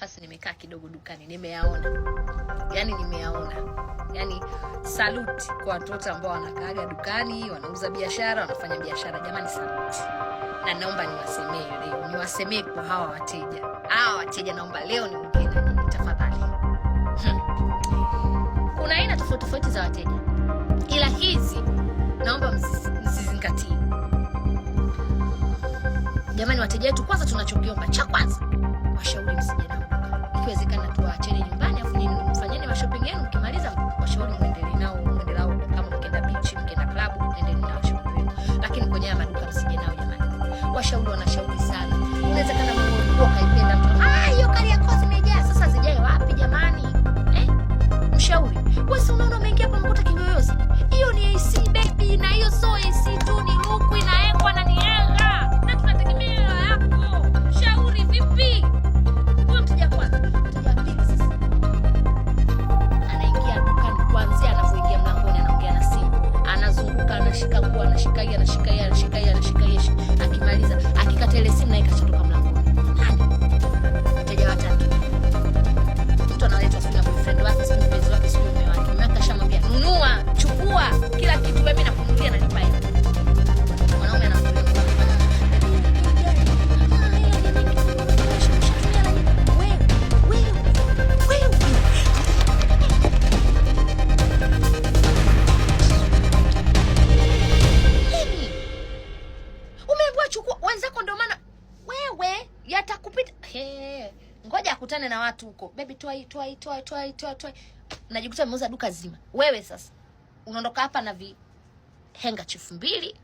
nafasi nimekaa kidogo dukani, nimeyaona yani, nimeyaona yani. Saluti kwa watoto ambao wanakaaga dukani, wanauza biashara, wanafanya biashara. Jamani, saluti na naomba niwasemee leo, niwasemee kwa hawa wateja, hawa wateja naomba leo ni na nyinyi tafadhali. Hmm. Kuna aina tofauti tofauti za wateja, ila hizi naomba msizingatii jamani, wateja wetu. Kwanza tunachokiomba cha kwanza, washauri msijana shopping yang é? kemarin sama. akutane na watu huko, baby, toa hii, toa hii, toa hii, toa hii, toa hii. Najikuta nimeuza duka zima. Wewe sasa unaondoka hapa na vi handkerchief mbili